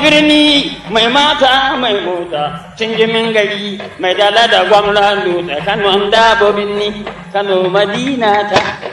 birni mai mata mai mota cinjimin gari mai dala da gwamnan dutse kano an dabo kano madina ta